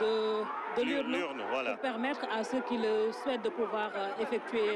de, de l'urne pour permettre à ceux qui le souhaitent de pouvoir euh, effectuer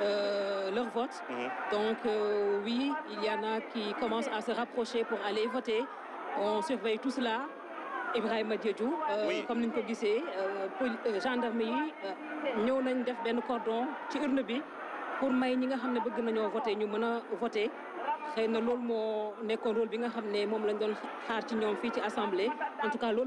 euh, leur vote. Mhm. Donc euh, oui, il y en a qui commencent à se rapprocher pour aller voter. On surveille tout cela. Ibrahim Diédhiou euh, comme le ko gisee gendarmerie, yi ñëw nañ def benn cordon ci urne bi pour may ñi nga xam bëgg voter ñu voter C'est na loolu moo rôle bi nga xam ne moom lañ doon xaar ci ñoom fii ci assemblée en tout cas lañ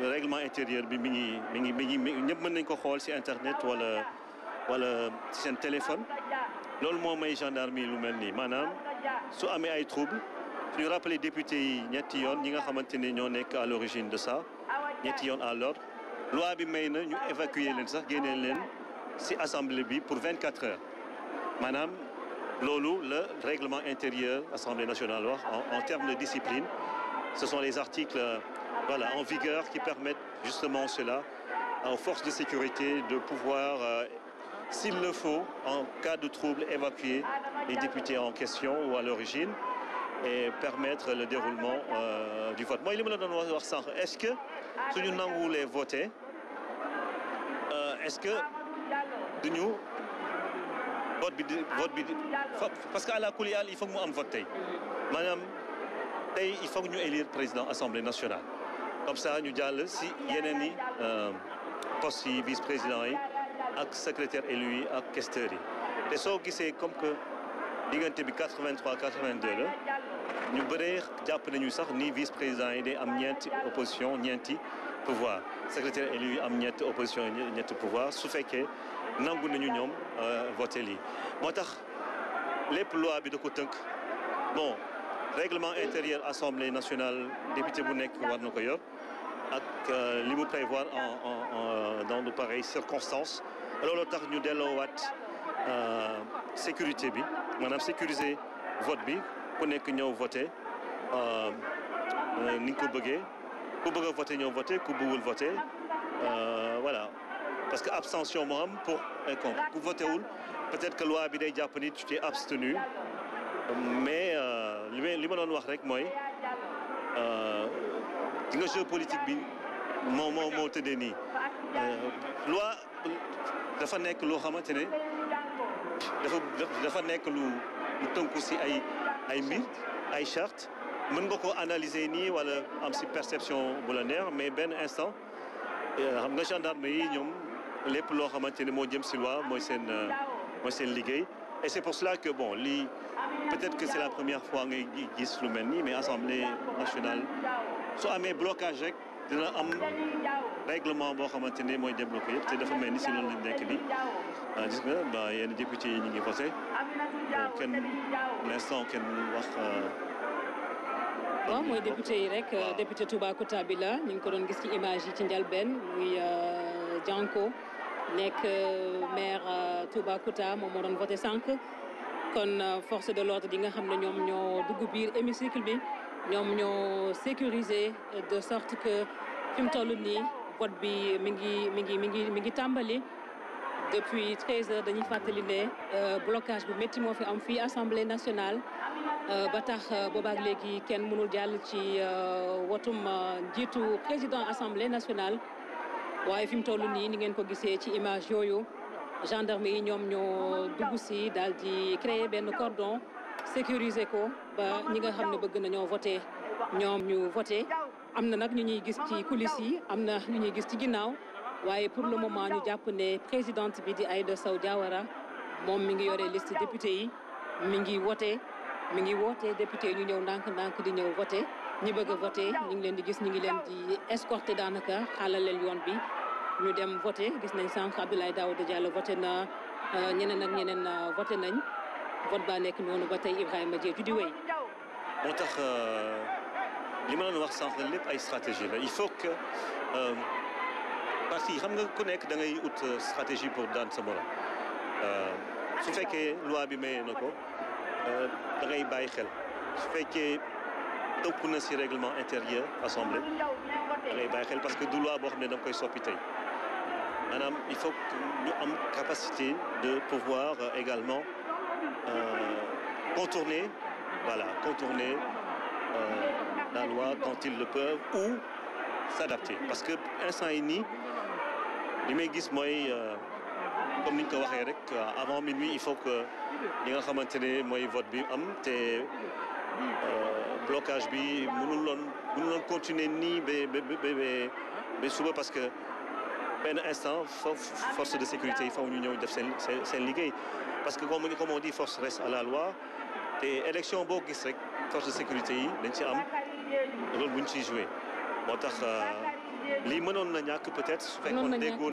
le règlement intérieur bi mi ngi mi ngi mi ngi ñëpp mën nañ ko xool ci internet wala wala ci seen téléphone loolu moo may gendarmerie lu mel nii maanaam su amee ay trouble ñu rappeler député yi ñetti yoon ñi nga xamante ne ñoo à l'origine de ça ñetti yoon à l'ordre loi bi may na ñu évacuer leen sax leen assemblée bi pour 24 heures Madame, loolu le règlement intérieur assemblée nationale wax en termes de discipline ce sont les articles euh, voilà, en vigueur qui permettent justement cela euh, aux forces de sécurité de pouvoir, euh, s'il le faut, en cas de trouble, évacuer les députés en question ou à l'origine et permettre le déroulement du vote. Moi, il ça. Est-ce que, si nous voulons voter, est-ce que nous vote parce qu'à la coulée, il faut que nous votions. Madame, et il faut ñu élire président assemblée nationale comme ça ñu allons si ni euh poste vice président yi ak secrétaire élu yi ak questeurs yi ce qui comme que en bi 83 82 la ñu bëree nous nañu sax ni vice président yi day am ñeenti opposition ñeenti pouvoir secrétaire élu am opposition ñetti pouvoir su que nangu nañu ñom euh, voter lii moo que lépp loi bi da ko teunk bon règlement intérieur assemblée nationale député bu Wadnokoyor, war na euh, euh, dans de pareilles circonstances Alors, le ñu delloowaat euh, sécurité bi sécurité, sécuriser vote bi ku vote pour que ni nga ko pour ku bëgg a voté ñëw voté ku bëggul voté voilà parce que abstention moi, pour un compte. vous votez peut-être que loi bi day jàpp ni tu abstenu mais li lima li doon wax rek euh, politique bi moo moo moo tëddee nii euh, loi dafa nekk loo xamante dafa dafa nekk lu lu tënku ay ay mbir ay charte analyser wala am perception mais ben instant euh, xam nga gendarme yi ñoom lépp loo xamante et c'est pour cela que, bon, peut-être que c'est la première fois que Sloumeni, mais l'Assemblée nationale, soit amee blocage rek dina am règlement boo xamante ne mooy débloqué yëpp te dafa mel ni si loolu lañ nekk nii. il y ba yenn député yi ñu voté l'instant kenn wax. Euh, bon, Moi, député yi rek euh, député Touba Koutabila, nous avons ngi ko doon gis ci image yi ci njalbeen muy Janko. Euh, nek euh, maire Kouta euh, moom mo don voter sànq kon euh, force de l'ordre di nga xam ñom ñoom ñoo dugg biir hémicycle bi ñom ñoo sécuriser de sorte que fi tollu ni vote bi mi ngi mi ngi mi ngi mi ngi depuis 13 heures dañuy fàttali ne blocage bu metti moo fi am fi assemblée nationale ba tax boobaak légui kenn mënul jall ci watum njiitu président assemblée nationale waaye fi mu toll nii ni ngeen ko gisee ci image yooyu gendarme yi ñoom ñoo dugg si daal di créer benn cordon sécuriser ko ba ñi nga xam ne bëgg nañoo vote ñoom ñu voté am na nag ñu ñuy gis ci coulisses yi am na ñu ñuy gis ci ginnaaw waaye pour le moment ñu jàpp ne présidente bi di Aïda Sow Diawara moom mi ngi yore liste député yi mi ngi wote mi ngi woote député ñu ñëw ndànk-ndànk di ñëw voté ñi bëgg voter voté ñu ngi leen di gis ñu ngi leen di escorté daanaka xaalaleel yoon bi ñu dem voter gis nañ sànq Abdoulaye Daouda Diallo voter na euh, ñeneen ak ñeneen euh, voter nañ vote ba nekk noonu ba tey Ibrahima Diédhiou di wéy. moo tax euh, li ma doon wax sànq lépp ay stratégie la il faut que parti xam nga ku nekk da ngay ut stratégie pour daan sa morom su fekkee loi bi mayee na ko da ngay bàyyi xel su fekkee tënk na si règlement intérieur assemblée parce que du loi bo xamné ne da koy il faut que ñu am capacité de pouvoir euh, également euh, contourner voilà contourner euh, la loi quand ils le peuvent ou s'adapter parce que un yi et li may gis moy comme ni ko waxé rek avant minuit il faut que li nga xamante moy vote bi am blocage bi mënul loon mënul ni continuer mais mais mais suba parce que ben instant force de sécurité il faut ñu ñëw def sen sen liguey parce que comme comme on dit force reste à la loi té élection bo gis rek force de sécurité yi dañ ci am rôle buñ ci jouer motax euh, li mënon na peut-être su fekkoon déggoo